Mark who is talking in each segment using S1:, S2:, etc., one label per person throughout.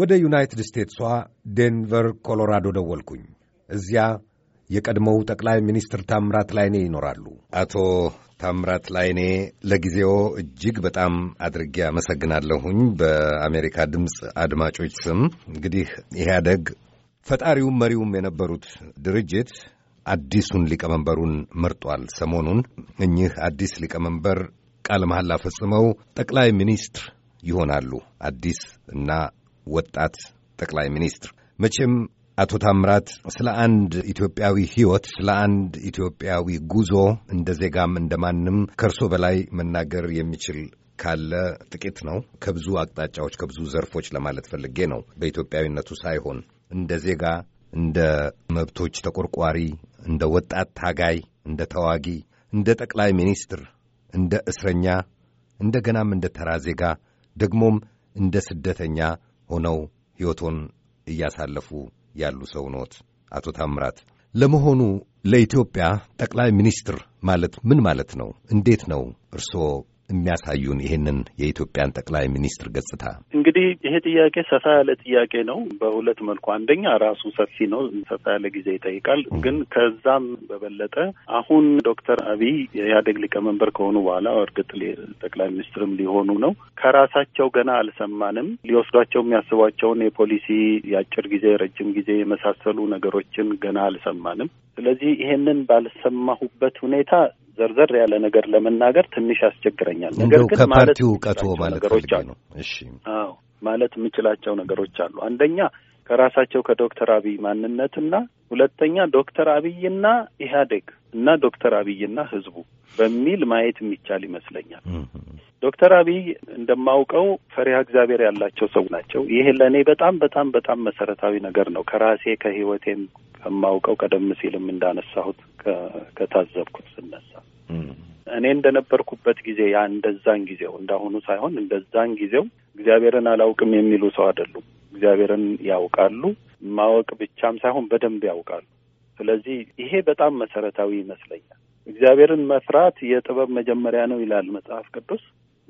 S1: ወደ ዩናይትድ ስቴትሷ ዴንቨር ኮሎራዶ ደወልኩኝ። እዚያ የቀድሞው ጠቅላይ ሚኒስትር ታምራት ላይኔ ይኖራሉ። አቶ ታምራት ላይኔ ለጊዜው እጅግ በጣም አድርጌ አመሰግናለሁኝ በአሜሪካ ድምፅ አድማጮች ስም። እንግዲህ ኢህአደግ ፈጣሪውም መሪውም የነበሩት ድርጅት አዲሱን ሊቀመንበሩን መርጧል። ሰሞኑን እኚህ አዲስ ሊቀመንበር ቃለ መሐላ ፈጽመው ጠቅላይ ሚኒስትር ይሆናሉ። አዲስ እና ወጣት ጠቅላይ ሚኒስትር መቼም አቶ ታምራት ስለ አንድ ኢትዮጵያዊ ሕይወት ስለ አንድ ኢትዮጵያዊ ጉዞ እንደ ዜጋም እንደ ማንም ከእርሶ በላይ መናገር የሚችል ካለ ጥቂት ነው። ከብዙ አቅጣጫዎች ከብዙ ዘርፎች ለማለት ፈልጌ ነው። በኢትዮጵያዊነቱ ሳይሆን እንደ ዜጋ፣ እንደ መብቶች ተቆርቋሪ፣ እንደ ወጣት ታጋይ፣ እንደ ተዋጊ፣ እንደ ጠቅላይ ሚኒስትር እንደ እስረኛ እንደ ገናም እንደ ተራ ዜጋ ደግሞም እንደ ስደተኛ ሆነው ሕይወቶን እያሳለፉ ያሉ ሰው ኖት አቶ ታምራት። ለመሆኑ ለኢትዮጵያ ጠቅላይ ሚኒስትር ማለት ምን ማለት ነው? እንዴት ነው እርስዎ የሚያሳዩን ይህንን የኢትዮጵያን ጠቅላይ ሚኒስትር ገጽታ?
S2: እንግዲህ ይሄ ጥያቄ ሰፋ ያለ ጥያቄ ነው። በሁለት መልኩ አንደኛ ራሱ ሰፊ ነው፣ ሰፋ ያለ ጊዜ ይጠይቃል። ግን ከዛም በበለጠ አሁን ዶክተር አብይ የኢህአዴግ ሊቀመንበር ከሆኑ በኋላ እርግጥ ጠቅላይ ሚኒስትርም ሊሆኑ ነው። ከራሳቸው ገና አልሰማንም። ሊወስዷቸው የሚያስቧቸውን የፖሊሲ የአጭር ጊዜ፣ የረጅም ጊዜ የመሳሰሉ ነገሮችን ገና አልሰማንም። ስለዚህ ይሄንን ባልሰማሁበት ሁኔታ ዘርዘር ያለ ነገር ለመናገር ትንሽ ያስቸግረኛል። ነገር ግን ከፓርቲው
S1: እውቀቱ ማለት ነገሮች አሉ። እሺ፣
S2: አዎ ማለት የምችላቸው ነገሮች አሉ። አንደኛ ከራሳቸው ከዶክተር አብይ ማንነትና ሁለተኛ ዶክተር አብይና ኢህአዴግ እና ዶክተር አብይና ህዝቡ በሚል ማየት የሚቻል ይመስለኛል። ዶክተር አብይ እንደማውቀው ፈሪሃ እግዚአብሔር ያላቸው ሰው ናቸው። ይሄ ለእኔ በጣም በጣም በጣም መሰረታዊ ነገር ነው። ከራሴ ከህይወቴም ከማውቀው ቀደም ሲልም እንዳነሳሁት ከታዘብኩት ስነሳ እኔ እንደነበርኩበት ጊዜ ያ እንደዛን ጊዜው እንዳሁኑ ሳይሆን እንደዛን ጊዜው እግዚአብሔርን አላውቅም የሚሉ ሰው አይደሉም። እግዚአብሔርን ያውቃሉ። ማወቅ ብቻም ሳይሆን በደንብ ያውቃሉ። ስለዚህ ይሄ በጣም መሰረታዊ ይመስለኛል። እግዚአብሔርን መፍራት የጥበብ መጀመሪያ ነው ይላል መጽሐፍ ቅዱስ።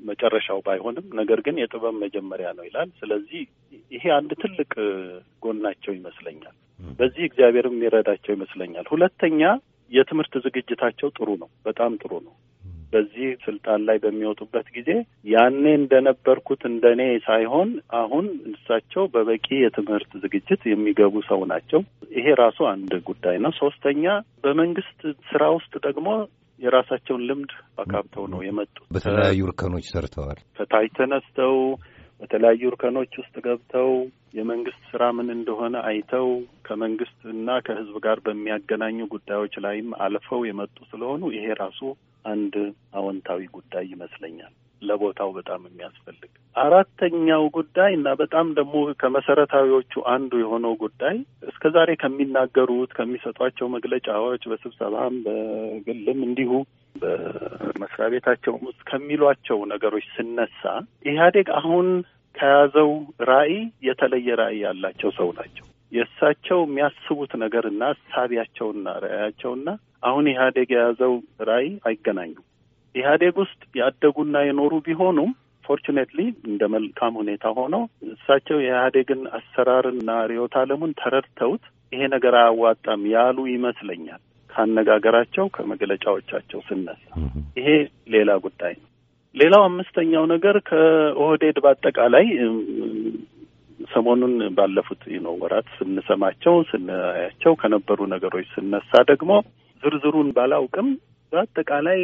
S2: መጨረሻው ባይሆንም ነገር ግን የጥበብ መጀመሪያ ነው ይላል። ስለዚህ ይሄ አንድ ትልቅ ጎናቸው ይመስለኛል። በዚህ እግዚአብሔር የሚረዳቸው ይመስለኛል። ሁለተኛ የትምህርት ዝግጅታቸው ጥሩ ነው፣ በጣም ጥሩ ነው። በዚህ ስልጣን ላይ በሚወጡበት ጊዜ ያኔ እንደነበርኩት እንደኔ ሳይሆን አሁን እሳቸው በበቂ የትምህርት ዝግጅት የሚገቡ ሰው ናቸው። ይሄ ራሱ አንድ ጉዳይ ነው። ሶስተኛ በመንግስት ስራ ውስጥ ደግሞ የራሳቸውን ልምድ አካብተው ነው የመጡት።
S1: በተለያዩ እርከኖች ሰርተዋል።
S2: ከታች ተነስተው በተለያዩ እርከኖች ውስጥ ገብተው የመንግስት ስራ ምን እንደሆነ አይተው ከመንግስት እና ከህዝብ ጋር በሚያገናኙ ጉዳዮች ላይም አልፈው የመጡ ስለሆኑ ይሄ ራሱ አንድ አዎንታዊ ጉዳይ ይመስለኛል። ለቦታው በጣም የሚያስፈልግ። አራተኛው ጉዳይ እና በጣም ደግሞ ከመሰረታዊዎቹ አንዱ የሆነው ጉዳይ እስከ ዛሬ ከሚናገሩት ከሚሰጧቸው መግለጫዎች፣ በስብሰባም በግልም እንዲሁ በመስሪያ ቤታቸውም ውስጥ ከሚሏቸው ነገሮች ስነሳ ኢህአዴግ አሁን ከያዘው ራዕይ የተለየ ራዕይ ያላቸው ሰው ናቸው። የእሳቸው የሚያስቡት ነገርና እሳቢያቸውና ራዕያቸውና አሁን ኢህአዴግ የያዘው ራዕይ አይገናኙም። ኢህአዴግ ውስጥ ያደጉና የኖሩ ቢሆኑም ፎርቹኔትሊ እንደ መልካም ሁኔታ ሆነው እሳቸው የኢህአዴግን አሰራርና ርዕዮተ ዓለሙን ተረድተውት ይሄ ነገር አያዋጣም ያሉ ይመስለኛል። ካነጋገራቸው ከመግለጫዎቻቸው ስነሳ ይሄ ሌላ ጉዳይ ነው። ሌላው አምስተኛው ነገር ከኦህዴድ በአጠቃላይ ሰሞኑን ባለፉት ነው ወራት ስንሰማቸው ስናያቸው ከነበሩ ነገሮች ስነሳ ደግሞ ዝርዝሩን ባላውቅም በአጠቃላይ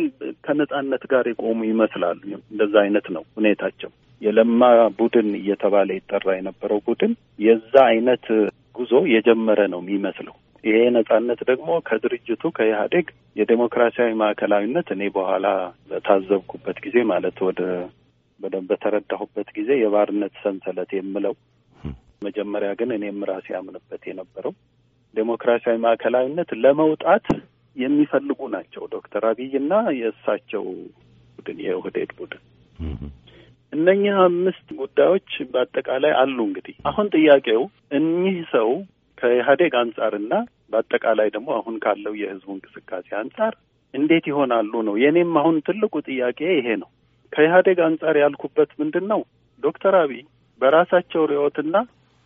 S2: ከነጻነት ጋር የቆሙ ይመስላሉ። እንደዛ አይነት ነው ሁኔታቸው። የለማ ቡድን እየተባለ ይጠራ የነበረው ቡድን የዛ አይነት ጉዞ የጀመረ ነው የሚመስለው። ይሄ ነጻነት ደግሞ ከድርጅቱ ከኢህአዴግ የዴሞክራሲያዊ ማዕከላዊነት እኔ በኋላ በታዘብኩበት ጊዜ ማለት ወደ በደንብ በተረዳሁበት ጊዜ የባርነት ሰንሰለት የምለው መጀመሪያ ግን እኔም ራሴ ያምንበት የነበረው ዴሞክራሲያዊ ማዕከላዊነት ለመውጣት የሚፈልጉ ናቸው። ዶክተር አብይና የእሳቸው ቡድን የውህዴድ ቡድን እነኛ አምስት ጉዳዮች በአጠቃላይ አሉ። እንግዲህ አሁን ጥያቄው እኚህ ሰው ከኢህአዴግ አንጻርና በአጠቃላይ ደግሞ አሁን ካለው የህዝቡ እንቅስቃሴ አንጻር እንዴት ይሆናሉ ነው። የእኔም አሁን ትልቁ ጥያቄ ይሄ ነው። ከኢህአዴግ አንጻር ያልኩበት ምንድን ነው፣ ዶክተር አብይ በራሳቸው ርዕዮትና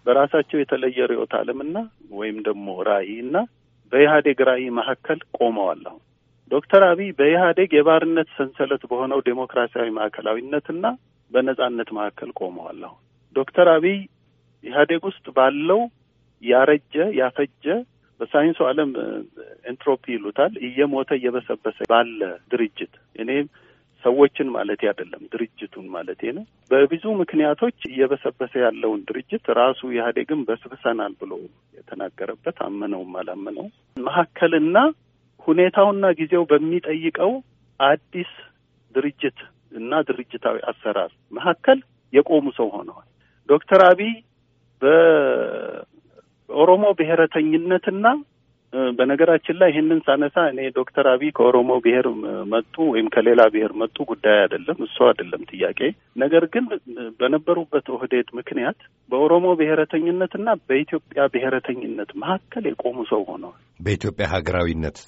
S2: በራሳቸው የተለየ ርዕዮተ ዓለምና ወይም ደግሞ ራዕይና በኢህአዴግ ራዕይ መካከል ቆመዋል። አሁን ዶክተር አብይ በኢህአዴግ የባርነት ሰንሰለት በሆነው ዴሞክራሲያዊ ማዕከላዊነትና በነጻነት መካከል ቆመዋል። አሁን ዶክተር አብይ ኢህአዴግ ውስጥ ባለው ያረጀ ያፈጀ በሳይንሱ ዓለም ኤንትሮፒ ይሉታል እየሞተ እየበሰበሰ ባለ ድርጅት እኔም ሰዎችን ማለት አይደለም፣ ድርጅቱን ማለት ነው። በብዙ ምክንያቶች እየበሰበሰ ያለውን ድርጅት ራሱ ኢህአዴግም በስብሰናል ብሎ የተናገረበት አመነውም አላመነው መካከልና ሁኔታውና ጊዜው በሚጠይቀው አዲስ ድርጅት እና ድርጅታዊ አሰራር መካከል የቆሙ ሰው ሆነዋል። ዶክተር አብይ በኦሮሞ ብሔረተኝነትና በነገራችን ላይ ይህንን ሳነሳ እኔ ዶክተር አብይ ከኦሮሞ ብሔር መጡ ወይም ከሌላ ብሔር መጡ ጉዳይ አይደለም፣ እሱ አይደለም ጥያቄ። ነገር ግን በነበሩበት ኦህዴድ ምክንያት በኦሮሞ ብሔረተኝነትና በኢትዮጵያ ብሔረተኝነት መካከል የቆሙ ሰው ሆነዋል።
S1: በኢትዮጵያ ሀገራዊነት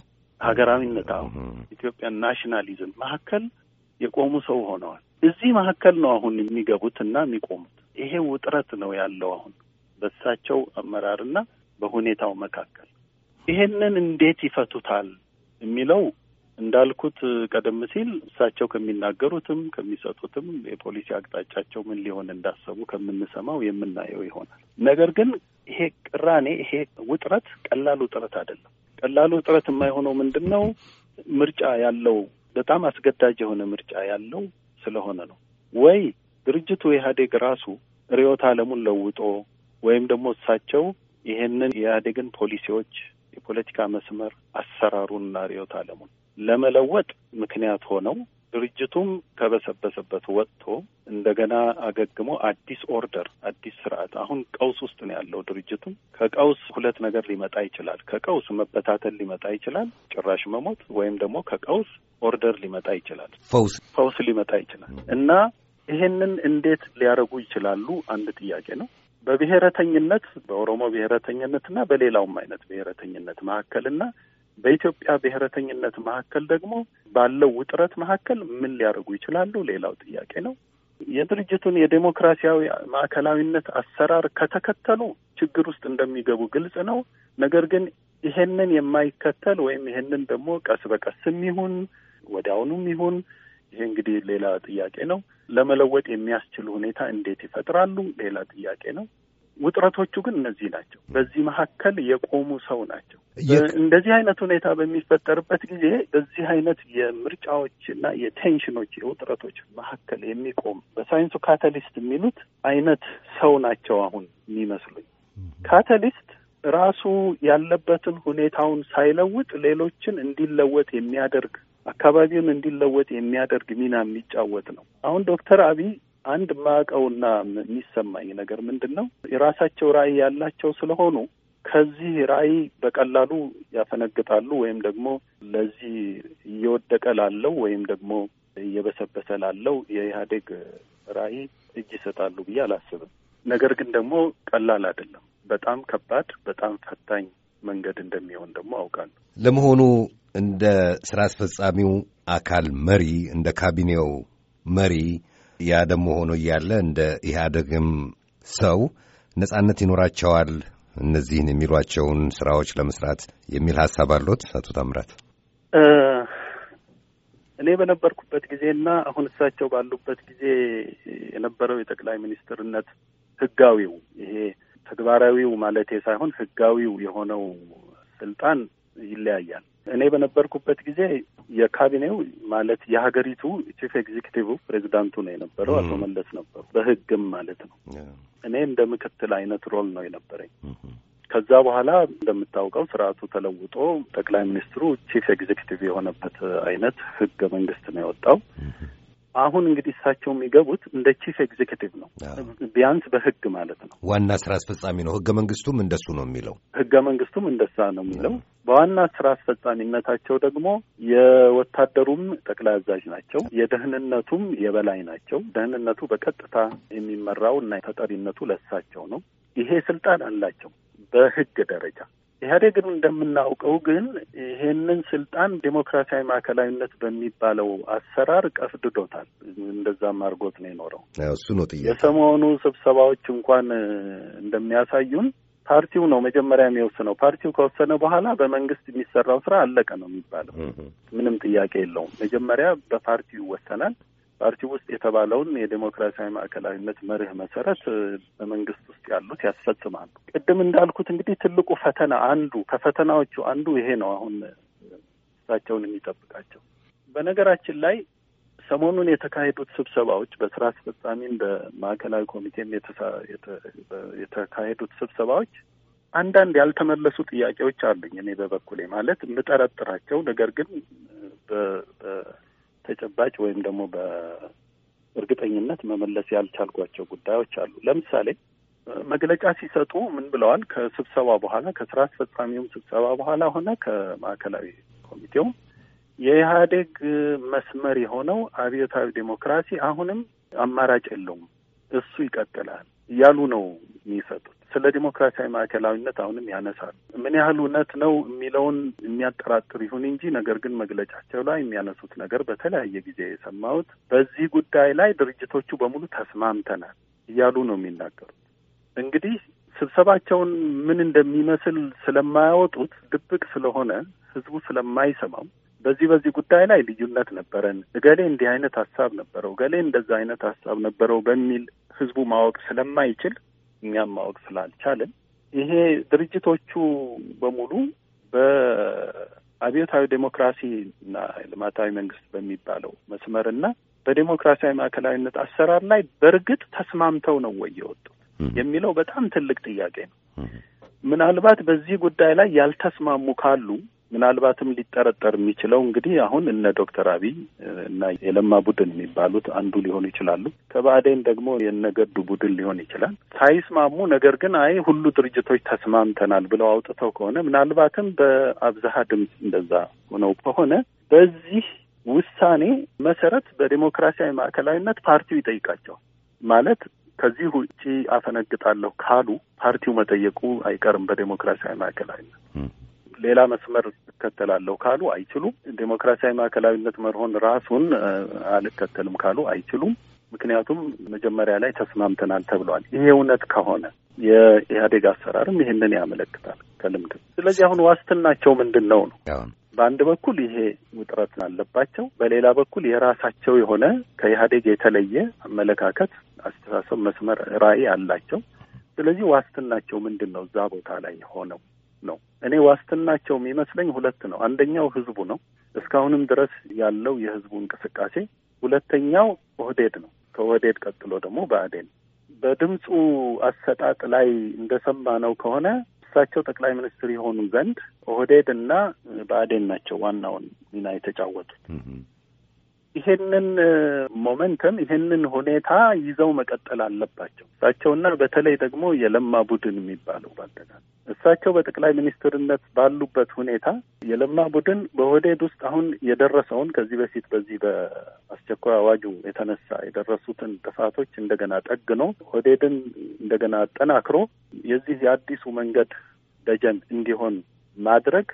S2: ሀገራዊነት አሁን ኢትዮጵያ ናሽናሊዝም መካከል የቆሙ ሰው ሆነዋል። እዚህ መካከል ነው አሁን የሚገቡት እና የሚቆሙት። ይሄ ውጥረት ነው ያለው አሁን በእሳቸው አመራርና በሁኔታው መካከል ይሄንን እንዴት ይፈቱታል የሚለው እንዳልኩት ቀደም ሲል እሳቸው ከሚናገሩትም ከሚሰጡትም የፖሊሲ አቅጣጫቸው ምን ሊሆን እንዳሰቡ ከምንሰማው የምናየው ይሆናል። ነገር ግን ይሄ ቅራኔ፣ ይሄ ውጥረት ቀላል ውጥረት አይደለም። ቀላል ውጥረት የማይሆነው ምንድን ነው? ምርጫ ያለው በጣም አስገዳጅ የሆነ ምርጫ ያለው ስለሆነ ነው። ወይ ድርጅቱ ኢህአዴግ ራሱ ርዕዮተ ዓለሙን ለውጦ ወይም ደግሞ እሳቸው ይሄንን የኢህአዴግን ፖሊሲዎች የፖለቲካ መስመር አሰራሩንና ርዕዮተ ዓለሙን ለመለወጥ ምክንያት ሆነው ድርጅቱም ከበሰበሰበት ወጥቶ እንደገና አገግሞ አዲስ ኦርደር፣ አዲስ ስርዓት። አሁን ቀውስ ውስጥ ነው ያለው ድርጅቱ። ከቀውስ ሁለት ነገር ሊመጣ ይችላል። ከቀውስ መበታተል ሊመጣ ይችላል፣ ጭራሽ መሞት፣ ወይም ደግሞ ከቀውስ ኦርደር ሊመጣ ይችላል፣ ፈውስ ፈውስ ሊመጣ ይችላል እና ይሄንን እንዴት ሊያደርጉ ይችላሉ? አንድ ጥያቄ ነው። በብሔረተኝነት በኦሮሞ ብሔረተኝነትና በሌላውም አይነት ብሔረተኝነት መካከልና በኢትዮጵያ ብሔረተኝነት መካከል ደግሞ ባለው ውጥረት መካከል ምን ሊያደርጉ ይችላሉ? ሌላው ጥያቄ ነው። የድርጅቱን የዴሞክራሲያዊ ማዕከላዊነት አሰራር ከተከተሉ ችግር ውስጥ እንደሚገቡ ግልጽ ነው። ነገር ግን ይሄንን የማይከተል ወይም ይሄንን ደግሞ ቀስ በቀስም ይሁን ወዲያውኑም ይሁን ይሄ እንግዲህ ሌላ ጥያቄ ነው። ለመለወጥ የሚያስችል ሁኔታ እንዴት ይፈጥራሉ? ሌላ ጥያቄ ነው። ውጥረቶቹ ግን እነዚህ ናቸው። በዚህ መካከል የቆሙ ሰው ናቸው። እንደዚህ አይነት ሁኔታ በሚፈጠርበት ጊዜ በዚህ አይነት የምርጫዎችና የቴንሽኖች የውጥረቶች መካከል የሚቆም በሳይንሱ ካታሊስት የሚሉት አይነት ሰው ናቸው አሁን የሚመስሉኝ። ካታሊስት ራሱ ያለበትን ሁኔታውን ሳይለውጥ ሌሎችን እንዲለወጥ የሚያደርግ አካባቢውን እንዲለወጥ የሚያደርግ ሚና የሚጫወት ነው። አሁን ዶክተር አብይ አንድ ማቀውና የሚሰማኝ ነገር ምንድን ነው የራሳቸው ራዕይ ያላቸው ስለሆኑ ከዚህ ራዕይ በቀላሉ ያፈነግጣሉ ወይም ደግሞ ለዚህ እየወደቀ ላለው ወይም ደግሞ እየበሰበሰ ላለው የኢህአዴግ ራዕይ እጅ ይሰጣሉ ብዬ አላስብም። ነገር ግን ደግሞ ቀላል አይደለም። በጣም ከባድ፣ በጣም ፈታኝ መንገድ እንደሚሆን ደግሞ አውቃለሁ።
S1: ለመሆኑ እንደ ስራ አስፈጻሚው አካል መሪ እንደ ካቢኔው መሪ ያ ደግሞ ሆኖ እያለ እንደ ኢህአደግም ሰው ነጻነት ይኖራቸዋል እነዚህን የሚሏቸውን ስራዎች ለመስራት የሚል ሀሳብ አሎት አቶ ታምራት?
S2: እኔ በነበርኩበት ጊዜና አሁን እሳቸው ባሉበት ጊዜ የነበረው የጠቅላይ ሚኒስትርነት ህጋዊው ይሄ ተግባራዊው ማለቴ ሳይሆን ህጋዊው የሆነው ስልጣን ይለያያል። እኔ በነበርኩበት ጊዜ የካቢኔው ማለት የሀገሪቱ ቺፍ ኤግዚክቲቭ ፕሬዚዳንቱ ነው የነበረው አቶ መለስ ነበሩ፣ በህግም ማለት ነው። እኔ እንደ ምክትል አይነት ሮል ነው የነበረኝ። ከዛ በኋላ እንደምታውቀው ስርዓቱ ተለውጦ ጠቅላይ ሚኒስትሩ ቺፍ ኤግዚክቲቭ የሆነበት አይነት ህገ መንግስት ነው የወጣው። አሁን እንግዲህ እሳቸው የሚገቡት እንደ ቺፍ ኤግዜኪቲቭ ነው፣ ቢያንስ በህግ ማለት ነው።
S1: ዋና ስራ አስፈጻሚ ነው። ህገ መንግስቱም እንደሱ ነው የሚለው።
S2: ህገ መንግስቱም እንደሳ ነው የሚለው። በዋና ስራ አስፈጻሚነታቸው ደግሞ የወታደሩም ጠቅላይ አዛዥ ናቸው። የደህንነቱም የበላይ ናቸው። ደህንነቱ በቀጥታ የሚመራው እና ተጠሪነቱ ለእሳቸው ነው። ይሄ ስልጣን አላቸው በህግ ደረጃ ኢህአዴግን እንደምናውቀው ግን ይሄንን ስልጣን ዴሞክራሲያዊ ማዕከላዊነት በሚባለው አሰራር ቀፍድዶታል። እንደዛም አድርጎት ነው የኖረው። እሱ ነው ጥያቄ። የሰሞኑ ስብሰባዎች እንኳን እንደሚያሳዩን ፓርቲው ነው መጀመሪያ የሚወስነው። ፓርቲው ከወሰነ በኋላ በመንግስት የሚሰራው ስራ አለቀ ነው የሚባለው። ምንም ጥያቄ የለውም። መጀመሪያ በፓርቲው ይወሰናል። ፓርቲ ውስጥ የተባለውን የዴሞክራሲያዊ ማዕከላዊነት መርህ መሰረት በመንግስት ውስጥ ያሉት ያስፈጽማሉ። ቅድም እንዳልኩት እንግዲህ ትልቁ ፈተና አንዱ ከፈተናዎቹ አንዱ ይሄ ነው። አሁን እሳቸውን የሚጠብቃቸው በነገራችን ላይ ሰሞኑን የተካሄዱት ስብሰባዎች በስራ አስፈጻሚም በማዕከላዊ ኮሚቴም የተካሄዱት ስብሰባዎች አንዳንድ ያልተመለሱ ጥያቄዎች አሉኝ እኔ በበኩሌ ማለት የምጠረጥራቸው ነገር ግን በተጨባጭ ወይም ደግሞ በእርግጠኝነት መመለስ ያልቻልኳቸው ጉዳዮች አሉ። ለምሳሌ መግለጫ ሲሰጡ ምን ብለዋል? ከስብሰባ በኋላ ከስራ አስፈጻሚውም ስብሰባ በኋላ ሆነ ከማዕከላዊ ኮሚቴውም የኢህአዴግ መስመር የሆነው አብዮታዊ ዴሞክራሲ አሁንም አማራጭ የለውም፣ እሱ ይቀጥላል እያሉ ነው የሚሰጡት። ስለ ዲሞክራሲያዊ ማዕከላዊነት አሁንም ያነሳል። ምን ያህል እውነት ነው የሚለውን የሚያጠራጥር ይሁን እንጂ ነገር ግን መግለጫቸው ላይ የሚያነሱት ነገር በተለያየ ጊዜ የሰማሁት በዚህ ጉዳይ ላይ ድርጅቶቹ በሙሉ ተስማምተናል እያሉ ነው የሚናገሩት። እንግዲህ ስብሰባቸውን ምን እንደሚመስል ስለማያወጡት ድብቅ ስለሆነ ህዝቡ ስለማይሰማው በዚህ በዚህ ጉዳይ ላይ ልዩነት ነበረን፣ እገሌ እንዲህ አይነት ሀሳብ ነበረው፣ እገሌ እንደዛ አይነት ሀሳብ ነበረው በሚል ህዝቡ ማወቅ ስለማይችል እኛም ማወቅ ስላልቻልን ይሄ ድርጅቶቹ በሙሉ በአብዮታዊ ዴሞክራሲ እና ልማታዊ መንግስት በሚባለው መስመርና በዴሞክራሲያዊ ማዕከላዊነት አሰራር ላይ በእርግጥ ተስማምተው ነው ወይ የወጡት የሚለው በጣም ትልቅ ጥያቄ ነው። ምናልባት በዚህ ጉዳይ ላይ ያልተስማሙ ካሉ ምናልባትም ሊጠረጠር የሚችለው እንግዲህ አሁን እነ ዶክተር አብይ እና የለማ ቡድን የሚባሉት አንዱ ሊሆኑ ይችላሉ። ከባዕዴን ደግሞ የነገዱ ቡድን ሊሆን ይችላል። ሳይስማሙ ነገር ግን አይ ሁሉ ድርጅቶች ተስማምተናል ብለው አውጥተው ከሆነ ምናልባትም በአብዛሃ ድምፅ እንደዛ ሆነው ከሆነ በዚህ ውሳኔ መሰረት በዴሞክራሲያዊ ማዕከላዊነት ፓርቲው ይጠይቃቸው ማለት ከዚህ ውጪ አፈነግጣለሁ ካሉ ፓርቲው መጠየቁ አይቀርም በዴሞክራሲያዊ ማዕከላዊነት ሌላ መስመር እከተላለሁ ካሉ አይችሉም። ዴሞክራሲያዊ ማዕከላዊነት መርሆን ራሱን አልከተልም ካሉ አይችሉም። ምክንያቱም መጀመሪያ ላይ ተስማምተናል ተብሏል። ይሄ እውነት ከሆነ የኢህአዴግ አሰራርም ይህንን ያመለክታል ከልምድ። ስለዚህ አሁን ዋስትናቸው ምንድን ነው ነው? በአንድ በኩል ይሄ ውጥረት አለባቸው፣ በሌላ በኩል የራሳቸው የሆነ ከኢህአዴግ የተለየ አመለካከት፣ አስተሳሰብ፣ መስመር፣ ራዕይ አላቸው። ስለዚህ ዋስትናቸው ምንድን ነው እዛ ቦታ ላይ ሆነው ነው። እኔ ዋስትናቸው የሚመስለኝ ሁለት ነው። አንደኛው ህዝቡ ነው፣ እስካሁንም ድረስ ያለው የህዝቡ እንቅስቃሴ። ሁለተኛው ኦህዴድ ነው። ከኦህዴድ ቀጥሎ ደግሞ ብአዴን። በድምፁ አሰጣጥ ላይ እንደሰማነው ከሆነ እሳቸው ጠቅላይ ሚኒስትር የሆኑ ዘንድ ኦህዴድ እና ብአዴን ናቸው ዋናውን ሚና የተጫወቱት። ይሄንን ሞመንተም ይሄንን ሁኔታ ይዘው መቀጠል አለባቸው እሳቸውና በተለይ ደግሞ የለማ ቡድን የሚባለው ባጠቃላይ እሳቸው በጠቅላይ ሚኒስትርነት ባሉበት ሁኔታ የለማ ቡድን በሆዴድ ውስጥ አሁን የደረሰውን ከዚህ በፊት በዚህ በአስቸኳይ አዋጁ የተነሳ የደረሱትን ጥፋቶች እንደገና ጠግኖ ሆዴድን እንደገና አጠናክሮ የዚህ የአዲሱ መንገድ ደጀን እንዲሆን ማድረግ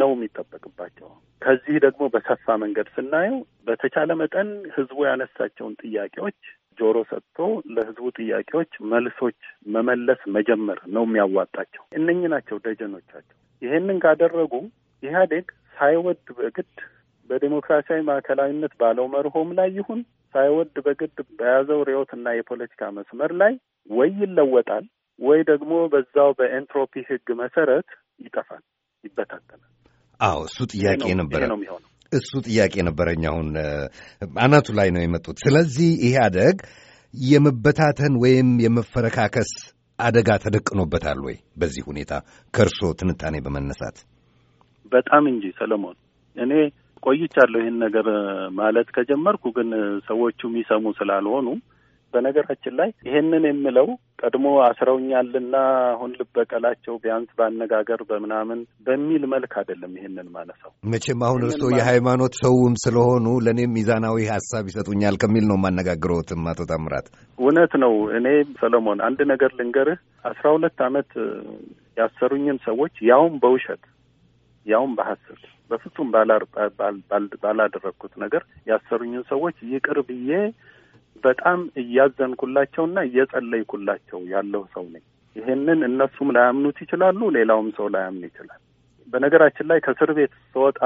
S2: ነው የሚጠበቅባቸው። ከዚህ ደግሞ በሰፋ መንገድ ስናየው በተቻለ መጠን ህዝቡ ያነሳቸውን ጥያቄዎች ጆሮ ሰጥቶ ለህዝቡ ጥያቄዎች መልሶች መመለስ መጀመር ነው የሚያዋጣቸው። እነኚህ ናቸው ደጀኖቻቸው። ይሄንን ካደረጉ ኢህአዴግ ሳይወድ በግድ በዲሞክራሲያዊ ማዕከላዊነት ባለው መርሆም ላይ ይሁን ሳይወድ በግድ በያዘው ርዕዮትና የፖለቲካ መስመር ላይ ወይ ይለወጣል ወይ ደግሞ በዛው በኤንትሮፒ ህግ መሰረት ይጠፋል፣ ይበታተናል።
S1: አዎ እሱ ጥያቄ ነበረ እሱ ጥያቄ ነበረኝ። አሁን አናቱ ላይ ነው የመጡት። ስለዚህ ይሄ አደግ የመበታተን ወይም የመፈረካከስ አደጋ ተደቅኖበታል ወይ? በዚህ ሁኔታ ከእርሶ ትንታኔ በመነሳት
S2: በጣም እንጂ ሰለሞን፣ እኔ ቆይቻለሁ ይህን ነገር ማለት ከጀመርኩ፣ ግን ሰዎቹ የሚሰሙ ስላልሆኑ በነገራችን ላይ ይሄንን የምለው ቀድሞ አስረውኛልና አሁን ልበቀላቸው ቢያንስ በአነጋገር በምናምን በሚል መልክ አይደለም። ይሄንን ማነሳው
S1: መቼም አሁን እርስዎ የሃይማኖት ሰውም ስለሆኑ ለእኔም ሚዛናዊ ሀሳብ ይሰጡኛል ከሚል ነው የማነጋግረዎትም። አቶ ታምራት
S2: እውነት ነው። እኔ ሰለሞን አንድ ነገር ልንገርህ። አስራ ሁለት አመት ያሰሩኝን ሰዎች ያውም በውሸት ያውም በሀስብ በፍጹም ባላደረግኩት ነገር ያሰሩኝን ሰዎች ይቅር ብዬ በጣም እያዘንኩላቸውና እየጸለይኩላቸው ያለው ሰው ነኝ። ይሄንን እነሱም ላያምኑት ይችላሉ፣ ሌላውም ሰው ላያምን ይችላል። በነገራችን ላይ ከእስር ቤት ስወጣ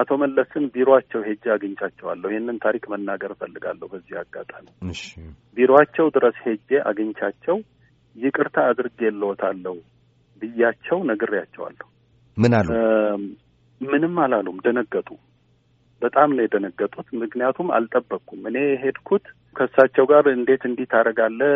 S2: አቶ መለስን ቢሮቸው ሄጄ አግኝቻቸዋለሁ። ይህንን ታሪክ መናገር እፈልጋለሁ በዚህ አጋጣሚ። ቢሮቸው ድረስ ሄጄ አግኝቻቸው ይቅርታ አድርጌልዎታለሁ ብያቸው ነግሬያቸዋለሁ። ምን አሉ? ምንም አላሉም፣ ደነገጡ። በጣም ነው የደነገጡት። ምክንያቱም አልጠበቅኩም። እኔ የሄድኩት ከእሳቸው ጋር እንዴት እንዲህ ታደርጋለህ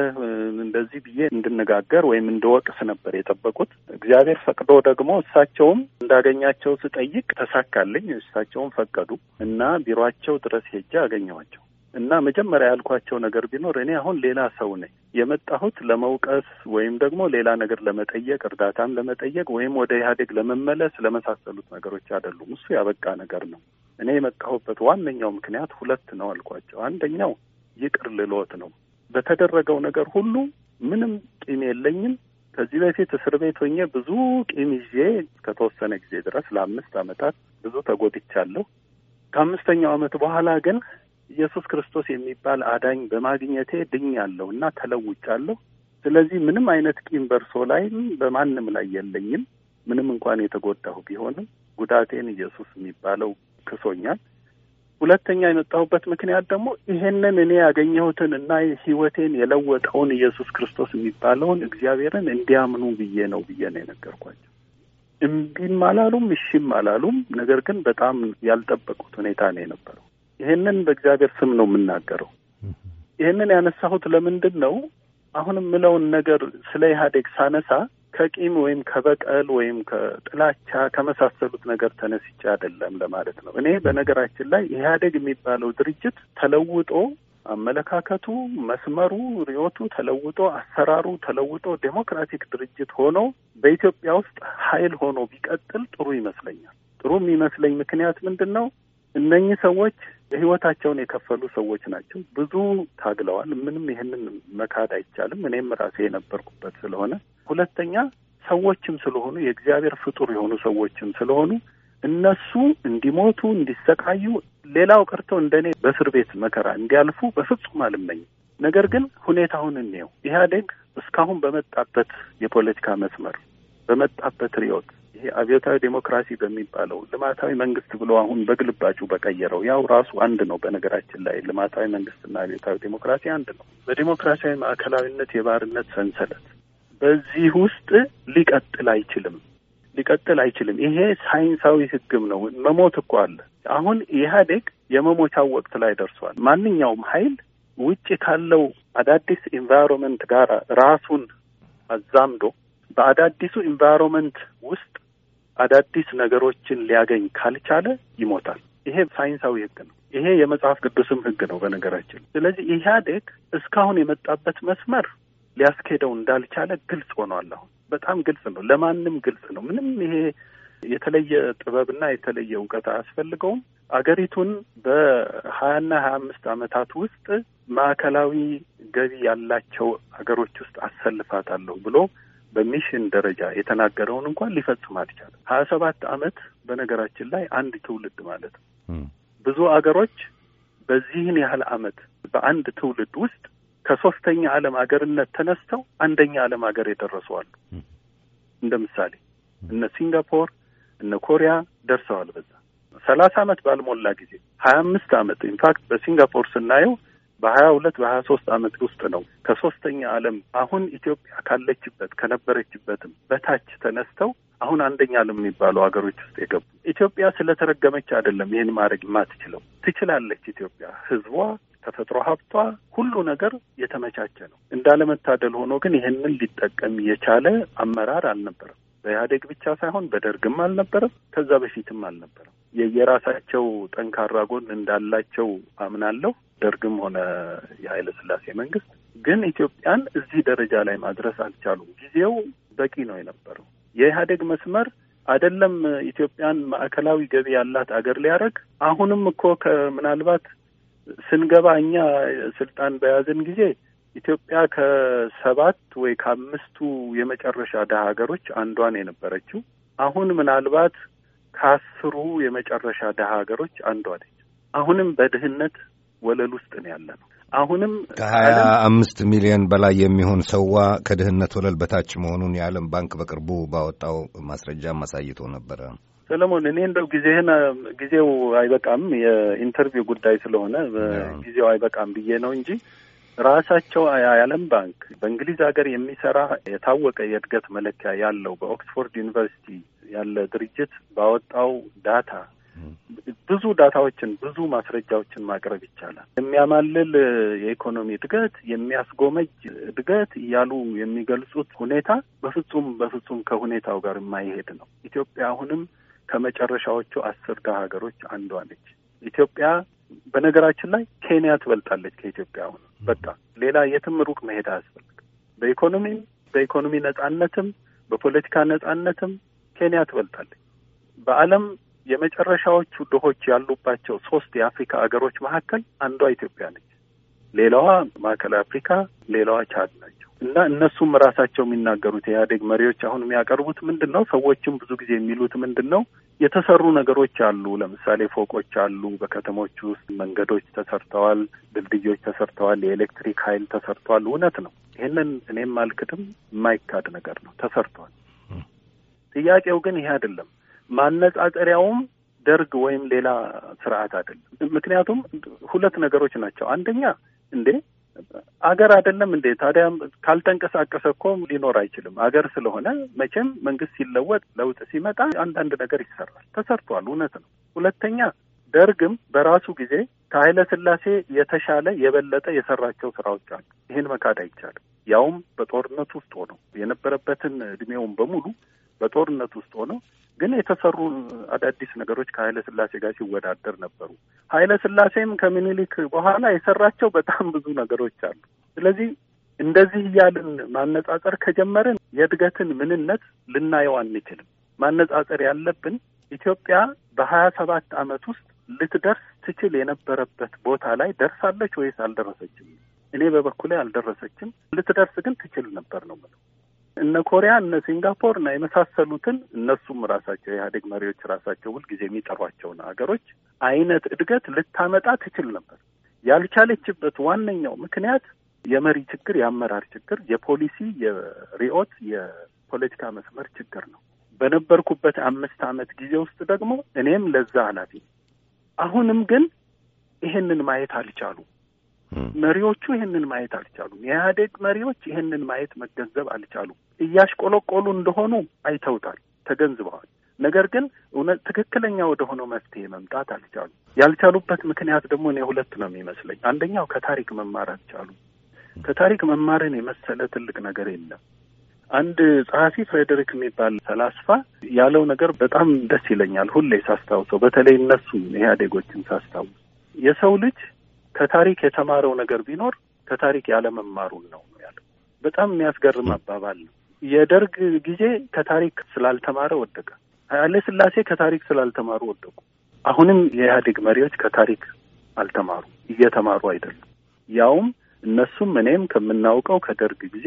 S2: እንደዚህ ብዬ እንድነጋገር ወይም እንድወቅስ ነበር የጠበቁት። እግዚአብሔር ፈቅዶ ደግሞ እሳቸውም እንዳገኛቸው ስጠይቅ ተሳካልኝ። እሳቸውም ፈቀዱ እና ቢሮቸው ድረስ ሄጄ አገኘኋቸው እና መጀመሪያ ያልኳቸው ነገር ቢኖር እኔ አሁን ሌላ ሰው ነኝ የመጣሁት ለመውቀስ ወይም ደግሞ ሌላ ነገር ለመጠየቅ እርዳታም ለመጠየቅ ወይም ወደ ኢህአዴግ ለመመለስ ለመሳሰሉት ነገሮች አይደሉም። እሱ ያበቃ ነገር ነው። እኔ የመጣሁበት ዋነኛው ምክንያት ሁለት ነው አልኳቸው። አንደኛው ይቅር ልሎት ነው። በተደረገው ነገር ሁሉ ምንም ቂም የለኝም። ከዚህ በፊት እስር ቤት ሆኜ ብዙ ቂም ይዤ ከተወሰነ ጊዜ ድረስ ለአምስት ዓመታት ብዙ ተጎድቻለሁ። ከአምስተኛው ዓመት በኋላ ግን ኢየሱስ ክርስቶስ የሚባል አዳኝ በማግኘቴ ድኛለሁ እና ተለውጫለሁ። ስለዚህ ምንም አይነት ቂም በርሶ ላይም በማንም ላይ የለኝም። ምንም እንኳን የተጎዳሁ ቢሆንም ጉዳቴን ኢየሱስ የሚባለው ክሶኛል። ሁለተኛ የመጣሁበት ምክንያት ደግሞ ይሄንን እኔ ያገኘሁትን እና ህይወቴን የለወጠውን ኢየሱስ ክርስቶስ የሚባለውን እግዚአብሔርን እንዲያምኑ ብዬ ነው ብዬ ነው የነገርኳቸው። እምቢም አላሉም፣ እሺም አላሉም። ነገር ግን በጣም ያልጠበቁት ሁኔታ ነው የነበረው። ይሄንን በእግዚአብሔር ስም ነው የምናገረው። ይሄንን ያነሳሁት ለምንድን ነው? አሁን የምለውን ነገር ስለ ኢህአዴግ ሳነሳ ከቂም ወይም ከበቀል ወይም ከጥላቻ ከመሳሰሉት ነገር ተነስቼ አይደለም ለማለት ነው። እኔ በነገራችን ላይ ኢህአዴግ የሚባለው ድርጅት ተለውጦ አመለካከቱ፣ መስመሩ፣ ርዕዮቱ ተለውጦ አሰራሩ ተለውጦ ዴሞክራቲክ ድርጅት ሆኖ በኢትዮጵያ ውስጥ ኃይል ሆኖ ቢቀጥል ጥሩ ይመስለኛል። ጥሩ የሚመስለኝ ምክንያት ምንድን ነው? እነኚህ ሰዎች የህይወታቸውን የከፈሉ ሰዎች ናቸው። ብዙ ታግለዋል። ምንም ይህንን መካድ አይቻልም። እኔም ራሴ የነበርኩበት ስለሆነ፣ ሁለተኛ ሰዎችም ስለሆኑ የእግዚአብሔር ፍጡር የሆኑ ሰዎችም ስለሆኑ እነሱ እንዲሞቱ እንዲሰቃዩ፣ ሌላው ቀርቶ እንደ እኔ በእስር ቤት መከራ እንዲያልፉ በፍጹም አልመኝም። ነገር ግን ሁኔታውን እንየው። ኢህአዴግ እስካሁን በመጣበት የፖለቲካ መስመር በመጣበት ርዕዮት ይሄ አብዮታዊ ዴሞክራሲ በሚባለው ልማታዊ መንግስት ብሎ አሁን በግልባጩ በቀየረው ያው ራሱ አንድ ነው። በነገራችን ላይ ልማታዊ መንግስትና አብዮታዊ ዴሞክራሲ አንድ ነው። በዴሞክራሲያዊ ማዕከላዊነት የባርነት ሰንሰለት በዚህ ውስጥ ሊቀጥል አይችልም፣ ሊቀጥል አይችልም። ይሄ ሳይንሳዊ ህግም ነው። መሞት እኮ አለ። አሁን ኢህአዴግ የመሞቻው ወቅት ላይ ደርሷል። ማንኛውም ሀይል ውጭ ካለው አዳዲስ ኢንቫይሮንመንት ጋር ራሱን አዛምዶ በአዳዲሱ ኢንቫይሮንመንት ውስጥ አዳዲስ ነገሮችን ሊያገኝ ካልቻለ ይሞታል። ይሄ ሳይንሳዊ ህግ ነው። ይሄ የመጽሐፍ ቅዱስም ህግ ነው በነገራችን። ስለዚህ ኢህአዴግ እስካሁን የመጣበት መስመር ሊያስኬደው እንዳልቻለ ግልጽ ሆኗል። አሁን በጣም ግልጽ ነው፣ ለማንም ግልጽ ነው። ምንም ይሄ የተለየ ጥበብና የተለየ እውቀት አያስፈልገውም። አገሪቱን በሀያና ሀያ አምስት ዓመታት ውስጥ ማዕከላዊ ገቢ ያላቸው ሀገሮች ውስጥ አሰልፋታለሁ ብሎ በሚሽን ደረጃ የተናገረውን እንኳን ሊፈጽም አልቻለም። ሀያ ሰባት አመት በነገራችን ላይ አንድ ትውልድ ማለት ነው። ብዙ አገሮች በዚህን ያህል አመት በአንድ ትውልድ ውስጥ ከሶስተኛ ዓለም አገርነት ተነስተው አንደኛ ዓለም አገር የደረሰዋሉ። እንደ ምሳሌ እነ ሲንጋፖር እነ ኮሪያ ደርሰዋል። በዛ ሰላሳ አመት ባልሞላ ጊዜ ሀያ አምስት አመት ኢንፋክት በሲንጋፖር ስናየው በሀያ ሁለት በሀያ ሶስት አመት ውስጥ ነው ከሶስተኛ ዓለም አሁን ኢትዮጵያ ካለችበት ከነበረችበትም በታች ተነስተው አሁን አንደኛ ዓለም የሚባሉ ሀገሮች ውስጥ የገቡ ኢትዮጵያ ስለተረገመች አይደለም። ይህን ማድረግ የማትችለው ትችላለች። ኢትዮጵያ ህዝቧ፣ ተፈጥሮ ሀብቷ፣ ሁሉ ነገር የተመቻቸ ነው። እንዳለመታደል ሆኖ ግን ይህንን ሊጠቀም የቻለ አመራር አልነበረም። በኢህአዴግ ብቻ ሳይሆን በደርግም አልነበረም፣ ከዛ በፊትም አልነበረም። የየራሳቸው ጠንካራ ጎን እንዳላቸው አምናለሁ። ደርግም ሆነ የኃይለ ስላሴ መንግስት ግን ኢትዮጵያን እዚህ ደረጃ ላይ ማድረስ አልቻሉም። ጊዜው በቂ ነው የነበረው። የኢህአዴግ መስመር አይደለም ኢትዮጵያን ማዕከላዊ ገቢ ያላት አገር ሊያደርግ አሁንም እኮ ከምናልባት ስንገባ እኛ ስልጣን በያዝን ጊዜ ኢትዮጵያ ከሰባት ወይ ከአምስቱ የመጨረሻ ደሃ ሀገሮች አንዷን የነበረችው አሁን ምናልባት ከአስሩ የመጨረሻ ድሀ ሀገሮች አንዷ ነች። አሁንም በድህነት ወለል ውስጥ ነው ያለ ነው። አሁንም
S1: ከሀያ አምስት ሚሊዮን በላይ የሚሆን ሰዋ ከድህነት ወለል በታች መሆኑን የዓለም ባንክ በቅርቡ ባወጣው ማስረጃ አሳይቶ ነበረ።
S2: ሰለሞን እኔ እንደው ጊዜህን ጊዜው አይበቃም የኢንተርቪው ጉዳይ ስለሆነ ጊዜው አይበቃም ብዬ ነው እንጂ ራሳቸው የዓለም ባንክ በእንግሊዝ ሀገር የሚሰራ የታወቀ የእድገት መለኪያ ያለው በኦክስፎርድ ዩኒቨርሲቲ ያለ ድርጅት ባወጣው ዳታ ብዙ ዳታዎችን ብዙ ማስረጃዎችን ማቅረብ ይቻላል። የሚያማልል የኢኮኖሚ እድገት፣ የሚያስጎመጅ እድገት እያሉ የሚገልጹት ሁኔታ በፍጹም በፍጹም ከሁኔታው ጋር የማይሄድ ነው። ኢትዮጵያ አሁንም ከመጨረሻዎቹ አስር ሀገሮች አንዷ ነች። ኢትዮጵያ በነገራችን ላይ ኬንያ ትበልጣለች ከኢትዮጵያ። አሁን በቃ ሌላ የትም ሩቅ መሄድ አያስፈልግም። በኢኮኖሚም በኢኮኖሚ ነጻነትም በፖለቲካ ነጻነትም ኬንያ ትበልጣለች። በዓለም የመጨረሻዎቹ ድሆች ያሉባቸው ሶስት የአፍሪካ አገሮች መካከል አንዷ ኢትዮጵያ ነች። ሌላዋ ማዕከል አፍሪካ፣ ሌላዋ ቻድ ናቸው እና እነሱም ራሳቸው የሚናገሩት የኢህአዴግ መሪዎች አሁን የሚያቀርቡት ምንድን ነው? ሰዎችም ብዙ ጊዜ የሚሉት ምንድን ነው? የተሰሩ ነገሮች አሉ። ለምሳሌ ፎቆች አሉ በከተሞች ውስጥ መንገዶች ተሰርተዋል፣ ድልድዮች ተሰርተዋል፣ የኤሌክትሪክ ኃይል ተሰርተዋል። እውነት ነው። ይህንን እኔም አልክድም፣ የማይካድ ነገር ነው፣ ተሰርተዋል። ጥያቄው ግን ይሄ አይደለም። ማነጻጸሪያውም ደርግ ወይም ሌላ ስርዓት አይደለም። ምክንያቱም ሁለት ነገሮች ናቸው። አንደኛ እንዴ አገር አይደለም እንዴ ታዲያ? ካልተንቀሳቀሰ እኮ ሊኖር አይችልም። አገር ስለሆነ መቼም መንግስት ሲለወጥ ለውጥ ሲመጣ አንዳንድ ነገር ይሰራል። ተሰርቷል፣ እውነት ነው። ሁለተኛ ደርግም በራሱ ጊዜ ከኃይለ ስላሴ የተሻለ የበለጠ የሰራቸው ስራዎች አሉ። ይህን መካድ አይቻልም። ያውም በጦርነት ውስጥ ሆነው የነበረበትን እድሜውን በሙሉ በጦርነት ውስጥ ሆነው ግን የተሰሩ አዳዲስ ነገሮች ከኃይለ ስላሴ ጋር ሲወዳደር ነበሩ። ኃይለ ስላሴም ከሚኒሊክ በኋላ የሰራቸው በጣም ብዙ ነገሮች አሉ። ስለዚህ እንደዚህ እያልን ማነጻጸር ከጀመርን የእድገትን ምንነት ልናየው አንችልም። ማነጻጸር ያለብን ኢትዮጵያ በሀያ ሰባት አመት ውስጥ ልትደርስ ትችል የነበረበት ቦታ ላይ ደርሳለች ወይስ አልደረሰችም? እኔ በበኩሌ አልደረሰችም። ልትደርስ ግን ትችል ነበር ነው የምለው። እነ ኮሪያ እነ ሲንጋፖር እና የመሳሰሉትን እነሱም ራሳቸው የኢህአዴግ መሪዎች ራሳቸው ሁልጊዜ የሚጠሯቸውን ሀገሮች አይነት እድገት ልታመጣ ትችል ነበር። ያልቻለችበት ዋነኛው ምክንያት የመሪ ችግር፣ የአመራር ችግር፣ የፖሊሲ የሪኦት የፖለቲካ መስመር ችግር ነው። በነበርኩበት አምስት ዓመት ጊዜ ውስጥ ደግሞ እኔም ለዛ ኃላፊ አሁንም ግን ይሄንን ማየት አልቻሉም። መሪዎቹ ይህንን ማየት አልቻሉም። የኢህአዴግ መሪዎች ይህንን ማየት መገንዘብ አልቻሉም። እያሽቆለቆሉ እንደሆኑ አይተውታል፣ ተገንዝበዋል። ነገር ግን እውነት ትክክለኛ ወደ ሆነው መፍትሄ መምጣት አልቻሉ። ያልቻሉበት ምክንያት ደግሞ እኔ ሁለት ነው የሚመስለኝ። አንደኛው ከታሪክ መማር አልቻሉ። ከታሪክ መማርን የመሰለ ትልቅ ነገር የለም። አንድ ጸሐፊ ፍሬደሪክ የሚባል ፈላስፋ ያለው ነገር በጣም ደስ ይለኛል ሁሌ ሳስታውሰው፣ በተለይ እነሱ ኢህአዴጎችን ሳስታውስ የሰው ልጅ ከታሪክ የተማረው ነገር ቢኖር ከታሪክ ያለመማሩን ነው ያለው። በጣም የሚያስገርም አባባል ነው። የደርግ ጊዜ ከታሪክ ስላልተማረ ወደቀ። ኃይለ ሥላሴ ከታሪክ ስላልተማሩ ወደቁ። አሁንም የኢህአዴግ መሪዎች ከታሪክ አልተማሩ፣ እየተማሩ አይደሉም። ያውም እነሱም እኔም ከምናውቀው ከደርግ ጊዜ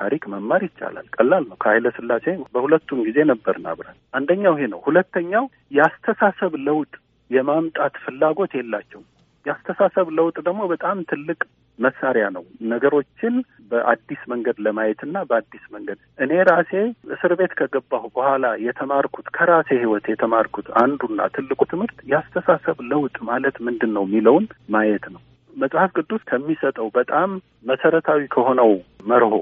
S2: ታሪክ መማር ይቻላል። ቀላል ነው። ከኃይለ ሥላሴ በሁለቱም ጊዜ ነበርን አብረን። አንደኛው ይሄ ነው። ሁለተኛው የአስተሳሰብ ለውጥ የማምጣት ፍላጎት የላቸውም። የአስተሳሰብ ለውጥ ደግሞ በጣም ትልቅ መሳሪያ ነው። ነገሮችን በአዲስ መንገድ ለማየትና በአዲስ መንገድ እኔ ራሴ እስር ቤት ከገባሁ በኋላ የተማርኩት ከራሴ ሕይወት የተማርኩት አንዱና ትልቁ ትምህርት የአስተሳሰብ ለውጥ ማለት ምንድን ነው የሚለውን ማየት ነው። መጽሐፍ ቅዱስ ከሚሰጠው በጣም መሰረታዊ ከሆነው መርሆ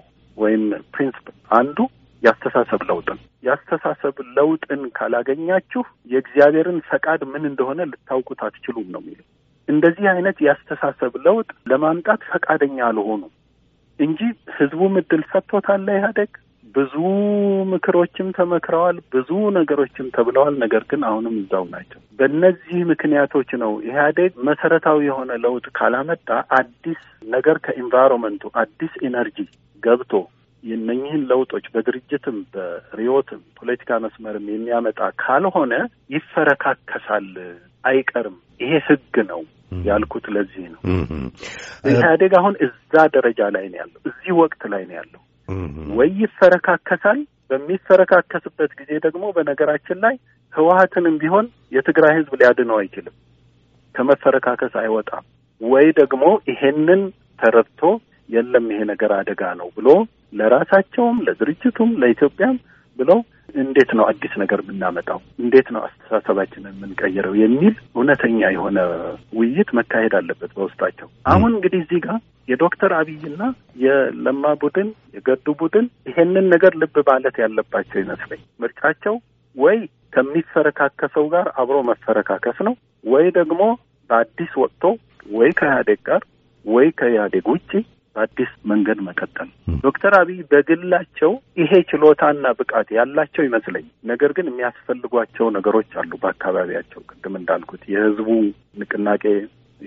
S2: ወይም ፕሪንስፕል አንዱ የአስተሳሰብ ለውጥን የአስተሳሰብ ለውጥን ካላገኛችሁ የእግዚአብሔርን ፈቃድ ምን እንደሆነ ልታውቁት አትችሉም ነው የሚለው እንደዚህ አይነት ያስተሳሰብ ለውጥ ለማምጣት ፈቃደኛ አልሆኑ እንጂ ህዝቡም እድል ሰጥቶታል ለኢህአዴግ። ብዙ ምክሮችም ተመክረዋል፣ ብዙ ነገሮችም ተብለዋል። ነገር ግን አሁንም እዛው ናቸው። በእነዚህ ምክንያቶች ነው ኢህአዴግ መሰረታዊ የሆነ ለውጥ ካላመጣ አዲስ ነገር ከኢንቫይሮመንቱ አዲስ ኢነርጂ ገብቶ የነኝህን ለውጦች በድርጅትም በሪዮትም ፖለቲካ መስመርም የሚያመጣ ካልሆነ ይፈረካከሳል፣ አይቀርም። ይሄ ህግ ነው ያልኩት ለዚህ ነው። ኢህአዴግ አሁን እዛ ደረጃ ላይ ነው ያለው፣ እዚህ ወቅት ላይ ነው ያለው። ወይ ይፈረካከሳል። በሚፈረካከስበት ጊዜ ደግሞ በነገራችን ላይ ህወሀትንም ቢሆን የትግራይ ህዝብ ሊያድነው አይችልም፣ ከመፈረካከስ አይወጣም። ወይ ደግሞ ይሄንን ተረድቶ የለም ይሄ ነገር አደጋ ነው ብሎ ለራሳቸውም፣ ለድርጅቱም፣ ለኢትዮጵያም ብለው እንዴት ነው አዲስ ነገር የምናመጣው፣ እንዴት ነው አስተሳሰባችንን የምንቀይረው የሚል እውነተኛ የሆነ ውይይት መካሄድ አለበት በውስጣቸው። አሁን እንግዲህ እዚህ ጋር የዶክተር አብይና የለማ ቡድን የገዱ ቡድን ይሄንን ነገር ልብ ማለት ያለባቸው ይመስለኝ። ምርጫቸው ወይ ከሚፈረካከሰው ጋር አብሮ መፈረካከስ ነው ወይ ደግሞ በአዲስ ወጥቶ ወይ ከኢህአዴግ ጋር ወይ ከኢህአዴግ ውጭ በአዲስ መንገድ መቀጠል። ዶክተር አብይ በግላቸው ይሄ ችሎታና ብቃት ያላቸው ይመስለኝ። ነገር ግን የሚያስፈልጓቸው ነገሮች አሉ። በአካባቢያቸው ቅድም እንዳልኩት የህዝቡ ንቅናቄ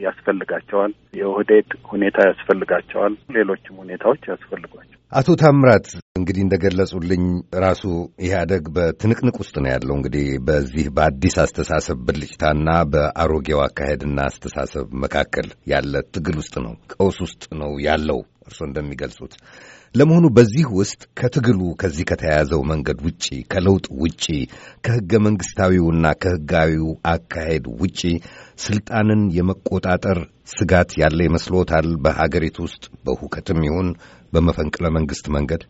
S2: ያስፈልጋቸዋል። የኦህዴድ ሁኔታ ያስፈልጋቸዋል። ሌሎችም ሁኔታዎች ያስፈልጓቸዋል።
S1: አቶ ታምራት እንግዲህ እንደገለጹልኝ ራሱ ኢህአደግ በትንቅንቅ ውስጥ ነው ያለው። እንግዲህ በዚህ በአዲስ አስተሳሰብ ብልጭታና በአሮጌው አካሄድና አስተሳሰብ መካከል ያለ ትግል ውስጥ ነው፣ ቀውስ ውስጥ ነው ያለው እርስዎ እንደሚገልጹት። ለመሆኑ በዚህ ውስጥ ከትግሉ ከዚህ ከተያያዘው መንገድ ውጪ ከለውጥ ውጪ ከህገ መንግስታዊውና ከህጋዊው አካሄድ ውጪ ስልጣንን የመቆጣጠር ስጋት ያለ ይመስሎታል? በሀገሪቱ ውስጥ በሁከትም ይሁን በመፈንቅለ መንግስት መንገድ